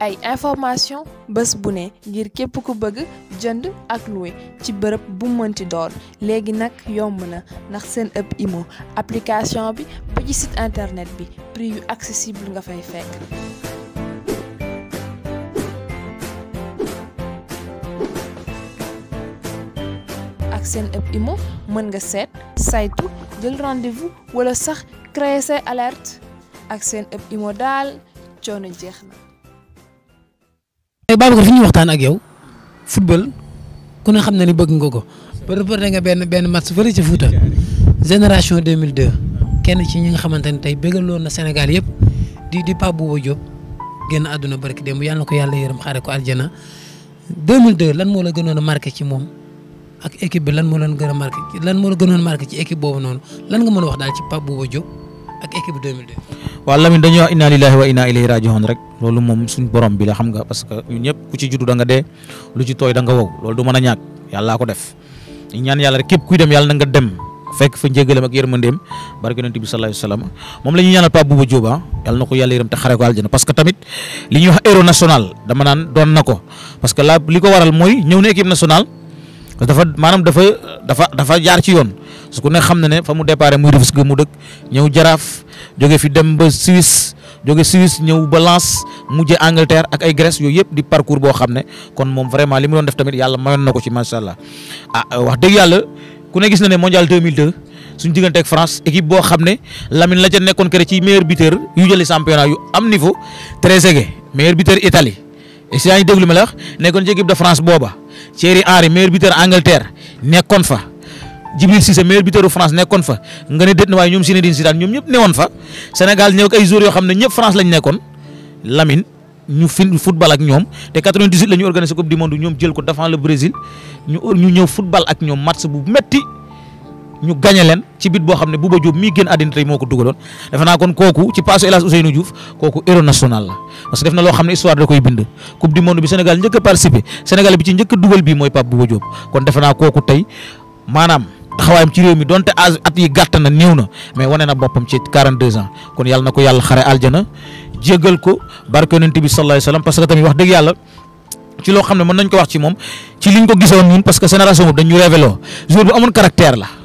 ay information bés bu ne ngir képp ku bëgg jënd ak loué ci bërëb bu mënti doon léegi nag yomb na ndax seen ëpp imo application bi ba ci site internet bi prix yu accessible nga fay fekk ak seen ëpp imo mën nga seet saytu jël rendez-vous wala sax créer alerte ak seen ëpp imo daal coono jeex na tey Babacar fi ñuy waxtaan ak yow football ku ne xam na ni bëgg nga ko ba reporté nga benn benn match fële ca Fouta génération 2002 kenn ci ñi nga xamante ne tey bëggaloon na Sénégal yëpp di di Pape Bouba Diop génn àdduna barki dem yal na ko yàlla yërëm xaare ko aljana 2002 lan moo la gënoon a marqué ci moom ak équipe bi lan moo gën a marqué lan moo la gënoon marqué ci équipe boobu noonu lan nga mën wax daal ci Pape Bouba Diop. ak équipe 2002. waaw Lamine dañuy wax inna lillahi wa inna ilayhi raji'un rek loolu moom suñ borom bi xam nga parce que ku ci juddu da dee lu ci tooy da wow loolu du mën a ñàkk yàllaa ko def ñu ñaan yàlla rek képp kuy dem yàlla nga dem fekk fa njëgalam ak yërmandeem barke yonent bi sallallahu alayhi wasallam moom la ñuy ñaanal Pape Bouba Diop ah, yàlla na ko yàlla yërëm te xare ko aljana parce que tamit li ñuy wax héros national ko parce que la li ko waral mooy dafa dafa jaar ci yoon su ko ne xam na ne fa mu départ muy Rufisque mu dëkk ñëw jaraaf jóge fi dem ba Suisse joge Suisse ñëw ba Lens mujje Angleterre ak ay Grèce yooyu yëpp di parcours boo xam ne kon moom vraiment li mu doon def tamit yàlla mayoon na ko ci macha allah ah wax yàlla ku ne gis na ne mondial 2002 suñu diggante ak France équipe boo xam ne Lamine la ca nekkoon kër ci meilleur buteur yu jëli championnat yu am niveau Trezeguet meilleur buteur Italie et si yaa ngi déglu ma la nekkoon ci équipe de France booba Thierry Henry meilleur buteur Angleterre nekkoon fa Djibril Cissé meilleur buteur France nekkoon fa nga ne déet na waaye ñoom Zinedine Zidane ñoom ñëpp newoon fa Sénégal ñëw ak ay joueurs yoo xam ne ñëpp France lañ nekkoon Lamine ñu fin football ak ñoom te 98 la ñu organisé coupe du monde ñoom jël ko devant le Brésil ñu ñu ñëw football ak ñoom match bu metti ñu gañe leen ci bit boo xam ne Bouba Diop mii génn àddina tey moo ko dugaloon defe kon kooku ci paasu El Hadj Ousseynou Diouf kooku héros national la parce def na loo xam ne histoire da koy bind coupe du monde bi Sénégal njëkk a participé Sénégal bi ci njëkk a dugal bii mooy Pape Bouba Diop kon defe naa kooku tey maanaam taxawaayam ci réew mi donte âge at yi gàtt na néew na mais wane na boppam ci 42 ans kon yàlla na ko yàlla xare aljana jéggal ko barke yonent parce que tamit wax dëgg yàlla ci loo xam ne mën nañ ko moom ci liñ que génération boobu dañ ñu révélé la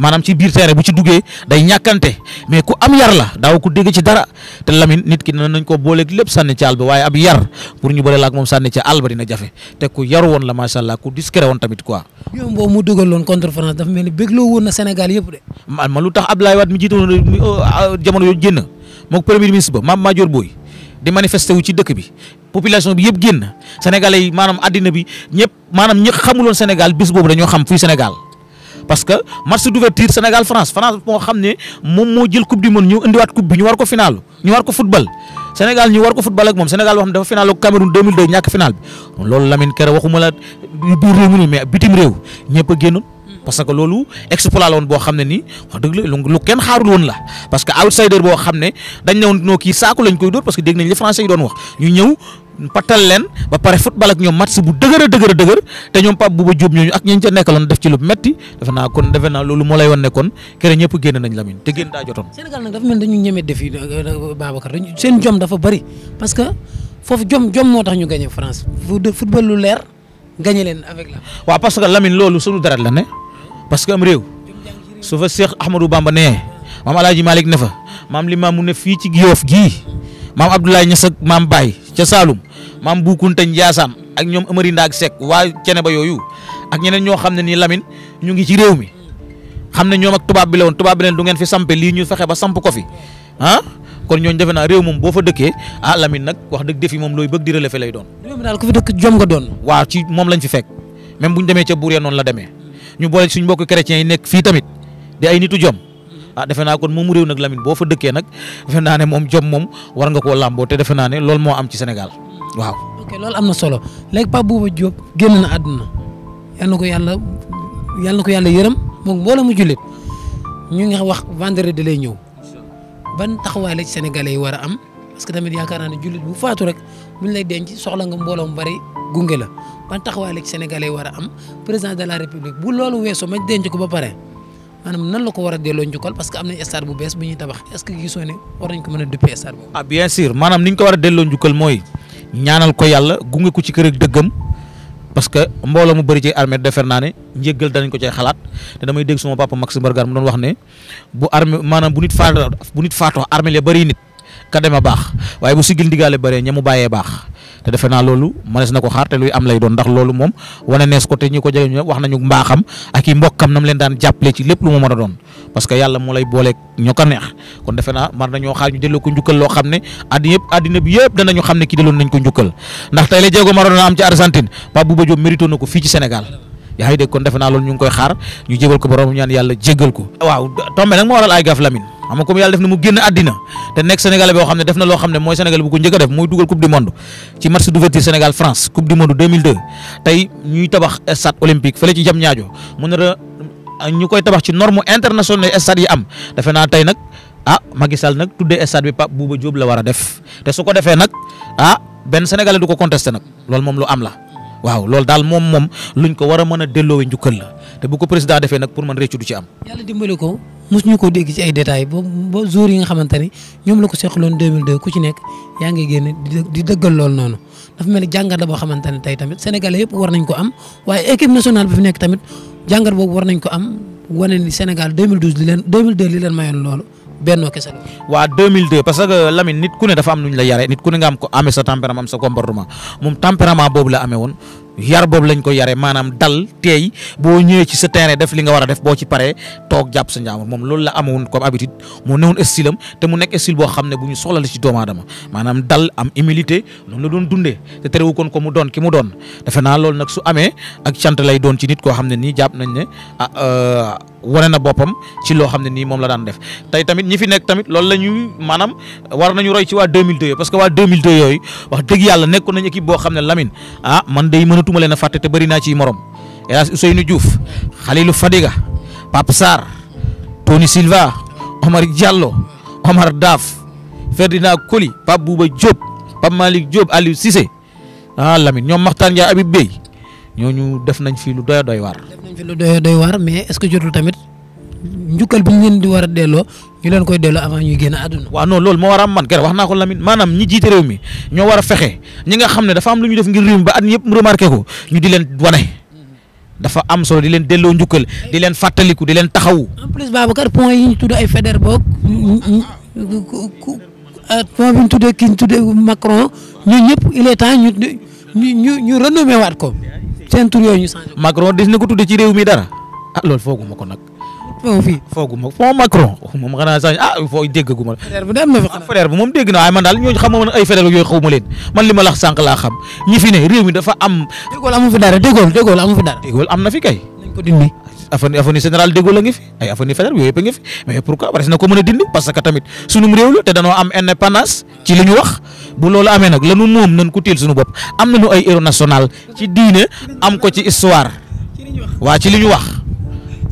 maanaam ci biir terrain bu ci duggee day ñàkkante mais ku am yar la daaw ku dégg ci dara te Lamine nit ki dina nañ ko booleeg lépp sànni ci àll ba waaye ab yar pour ñu bëre la ak moom sànni ci àll dina jafe te ku yar woon la macha allah ku discret woon tamit quoi. yow boobu mu dugaloon contre France dafa mel ni bégloo woon na Sénégal yëpp de. man ma lu tax Abdoulaye Wade mi jiite woon euh, euh, jamono yooyu génn moog premier ministre ba Mame Madior Boye di manifester wu ci dëkk bi population bi yëpp génn sénégalais yi maanaam addina bi ñëpp maanaam ñi xamuloon Sénégal bis boobu dañoo xam fuy Sénégal parce que match d'ouverture Sénégal France France moo xam ne moom moo jël coupe du monde ñu indiwaat coupe bi ñu war ko final ñu war ko football Sénégal ñu war ko football ak moom Sénégal boo xam ne dafa bi loolu Lamine Kera waxuma la réew mi ñëpp a génnoon parce que loolu exploit la woon boo xam ne nii wax dëgg la lu kenn xaarul woon la parce que outsider boo xam ne dañ ne woon noo kii saako lañ koy dóor parce que dégg nañ li français yi doon wax ñu ñëw pattal leen ba pare football ak ñoom match bu dëgër a dëgër a dëgër te ñoom Pape Bouba Diop ñooñu ak ñi ca nekkaloon def ci lu metti defe naa kon defe naa loolu moo lay wan ne kon kere ñëpp génn nañ Lamine te génn daa jotoon. Sénégal nag dafa mel dañu ñeme def yi euh, Babacar seen jom dafa bëri parce que foofu jom jom moo tax ñu gagné France football lu leer gagné leen avec la. waaw parce que Lamine loolu suñu dara la ne parce que am réew su fa Cheikh Ahmadou Bamba nee maam El Hadj Malick ne fa maam Limamou ne fii ci Yoff gii maam Abdoulaye Niass ak maam Baye ca Saloum maam bu kunta njaasaan ak ñoom amari ndaak sek waa cene ba yooyu ak ñeneen ñoo xam ne nii lamin ñu ngi ci réew mi xam ne ñoom ak tubaab bi la woon tubaab bi leen du ngeen fi sampe lii ñu fexe ba samp ko ah, ñooñu defe naa réew moom boo fa dëkkee ah Lamine nag wax dëgg defi moom looy bëgg di lay doon. dëkk jom nga doon. waaw ci moom lañ fi fekk même demee ca buur ya noonu la demee ñu boole suñ mbokk chrétiens yi nekk fii tamit di ay nitu jom ah defe naa kon moom réew nag lamin boo fa dëkkee nag defe naa ne moom jom moom war nga koo làmboo te defe naa ne loolu moo am ci Sénégal waaw. ok loolu am na solo léegi Pape Bouba Diop génn na àdduna yal na ko yàlla yal na ko yàlla yërëm moom mbooloo mu jullit ñu ngi wax vendredi lay ñëw ban taxawaay la ci sénégalais war a am parce que tamit yaakaar naa ne jullit bu nga mbooloo mu bari gunge la a am président la république bu loolu weesoo ma denc ko ba pare maanaam nan la ko a delloo njukkal parce que am nañ stade bu bees bu ñuy tabax est-ce a ah bien sûr maanaam ni ko war a delloo njukkal mooy ñaanal ko yàlla gunge ko ci kër ak dëggam parce que mbooloo mu bëri ci armée defer naa ne njéggal danañ ko cay xalaat te damay dégg suma papa Maxime Bergane mu doon wax ne bu armée maanaam bu nit faatoo bu nit faatoo armée la bëri nit ka a baax waaye bu sigil ndigaale bëree ña mu bàyyee baax te defe naa loolu mënees na ko xaar te luy am lay doon ndax loolu moom wane nees ko te ñi ko jege wax nañu mbaaxam ak i mbokkam nam leen daan jàppale ci lépp lu mu mën a doon parce que yàlla moo lay booleeg ñoo ko neex kon defe naa mar ñu ngi koy xaar ñu jégal ko borom ñaan yàlla jégal ko waaw tombe nag moo waral ay gaaf Lamine xam nga comme yàlla def na mu génn àddina te nekk sénégalais boo xam ne def na loo xam ne mooy sénégalais bu ko njëkk a def mooy dugal coupe du monde ci match d'ouverture Sénégal France coupe du monde 2002 tey ñuy tabax stade olympique fële ci Diamniadio mu ne la ñu koy tabax ci norme internationale stade yi am defe naa tey nag ah Macky Sall nag tuddee stade bi Pape Bouba Diop la war a def te su ko defee nag ah benn sénégalais du ko contesté nag loolu moom lu am la waaw loolu daal moom moom luñ ko war a mën a delloo njukkal la te bu ko président defee nag pour man réccu du ci am. yàlla dimbali ko mos ñu ko dégg ci ay détails ba ba yi nga xamante ni ñoom la ko seqaloon 2002 ku ci nekk yaa ngi génn di dëggal loolu noonu dafa mel ni jàngat la boo xamante ne tey tamit sénégalais yëpp war nañ ko am waaye équipe nationale bi nekk tamit jàngat boobu war nañ ko am wane ni Sénégal 2012 li leen 2002 li leen mayoon loolu. bennoo kese la. waa 2002 parce que Lamine nit ku ne dafa am nu la yare nit ku ne nga am ko amee sa tempérament am sa comportement moom tempérament boobu la amee woon yar boobu lañ ko yare maanaam dal teey boo ñëwee ci sa terrain def li nga war a def boo ci paree toog jàpp sa njaamur moom lool la amoon comme am xam ne bu ñu soxla la ci doomu am humilité loolu la doon dundee te terewu kon ko mu doon ki mu doon defe naa loolu nag su amee ak cant lay doon ci nit koo xam ne nii jàpp nañ ne ah euh, na boppam ci loo xam ne nii moom la daan def tey tamit ñi fi nekk tamit loolu la ñuy maanaam war nañu roy ci waa 2002 yooyu parce que waa 2002 yooyu wax boo xam ne Lamine ah, mënatuma leen a fàtte te bëri naa ciy morom El Hadj Ousseynou Diouf Khalilou Fadiga Pape Sarr Tony Silva Omar Diallo Omar Daaf Ferdinand Coly Pape Bouba Diop Pape Malick Diop Aliou Cissé ah Lamine ñoom Makhtar Ndiaye Habib Beye ñooñu def nañ fi def nañ fi lu doy doy waar mais est-ce tamit njukkal bi ñu leen di war a delloo ñu leen koy delloo avant ñuy génn àdduna. waaw non loolu moo war a man keroog wax naa ko Lamine maanaam ñi jiite réew mi ñoo war a fexe ñi nga xam ne dafa am lu ñu def ngir réew mi ba ko ñu di leen wane. dafa am solo di leen delloo njukkal di leen fàttaliku di leen taxawu. en plus Babacar point yi ñu tudd ay Feder boog euh, point bi ñu tuddee ki ñu tuddee Macron ñëpp il est ñu ñu ñu ñu renommé waat ko seen tur yooyu ñu changé. Macron na ko tuddee ci réew mi dara ah loolu fooguma ko nag. fooguma Macron moom xanaa sax ah foo déggaguma la. frère bu ah, moom dégg waaye man daal ñooñu xamuma ay frère yooyu xawma leen man li ma lax sànq laa xam ñi réew mi dafa am. déggoo am na fi kay. yooyu yëpp a ngi fi mais pourquoi parce que na ko dindi parce que tamit sunu réew la te danoo am indépendance ci li wax bu loolu amee nag lanu moom nañ ko téel suñu bopp am nañu ay héros national ci diine am ko ci histoire waa ci li wax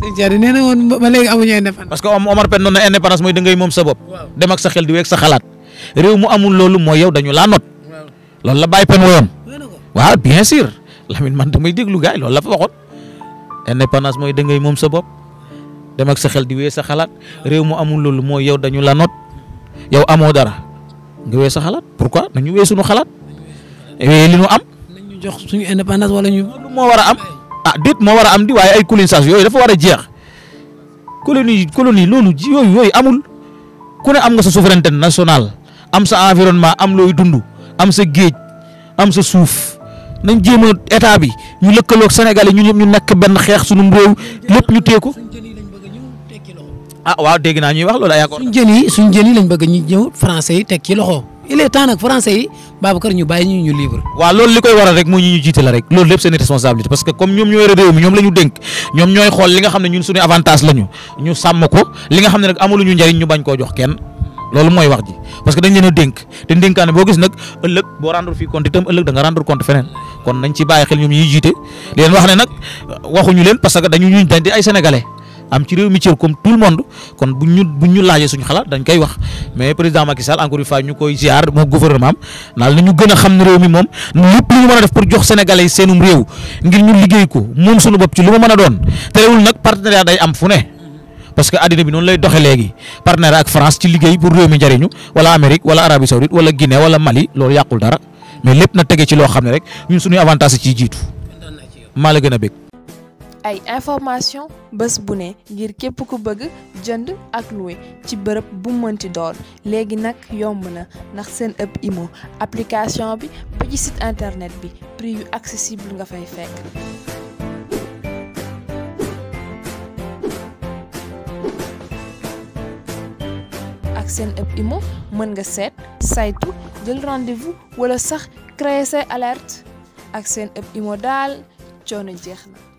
parce que Omar Pène noonu na indépendance mooy da ngay moom sa bopp. dem ak sa xel di weeg réew mu amul loolu mooy yow dañu laa not. loolu la Baye Pène woyoon. waaw bien sûr Lamine man damay déglu gars loolu la fa waxoon indépendance mooy da ngay moom sa bopp dem ak sa xel di weeg sa xalaat réew mu amul loolu mooy yow dañu la not yow amoo dara nga weeg sa xalaat pourquoi nañu weeg suñu xalaat. wee li ñu am. nañu jox suñu indépendance wala ñu. moo war am. ah déet moo war a am di waaye ay colonisation yooyu dafa war a jeex colonie colonie loolu yooyu yooyu amul ku ne am nga sa souveraineté nationale am sa environnement am looy dund am sa géej am sa suuf nañ jéem a état bi ñu lëkkaloog Sénégal yi ñu ñëpp ñu nekk benn xeex sunum réew lépp ñu téye ko ah waaw dégg naa ñuy wax loolu ay accord suñ jën yi suñ jën yi lañ bëgg ñu ñëw français yi teg ci loxo. il est temps nag français yi Babacar ñu bàyyi ñu ñu libre. waaw loolu li koy waral rek mooy ñi ñu jiite la rek loolu lépp seen responsabilité parce que comme ñoom ñooy réew ñoom la ñu ñoom ñooy xool li nga xam ne ñun suñu avantage la ñu ñu sàmm ko li nga xam ne nag amaluñu njëriñ ñu bañ koo jox kenn loolu mooy wax ji parce que dañ leen a dénk te dénkaane boo gis nag ëllëg boo rendre fii compte itam ëllëg leen wax ne nag waxuñu leen parce que dañu ñu dañ di ay sénégalais am ci réew mi cër comme tout le monde kon buñ ñu buñ ñu laajee suñu xalaat dañ koy wax mais président Macky Sall encore une fois ñu koy ziar moo gouvernement am naal na ñu gën a xam ne réew mi moom lépp lu def pour jox sénégalais yi seenum réew ngir ñu liggéey moom suñu bopp ci lu ma mën a doon terewul nag partenariat day am fu ne. parce que àddina bi noonu lay doxe léegi partenaire ak France ci liggéey pour réew mi njëriñu wala Amérique wala Arabie Saoudite wala Guinée wala Mali loolu yàqul dara mais lépp na tege ci loo xam ne rek ñun suñuy avantage ci jiitu maa la gën a bég ay information bés bu ne ngir képp ku bëgg jënd ak loué ci bërëb bu mënti doon léegi nag yomb na ndax seen ëpp imo application bi ba ci site internet bi prix yu accessible nga fay fekk ak seen ëpp imo mën nga seet saytu jël rendez wala sax créer say alerte ak seen ëpp imo daal coono jeex na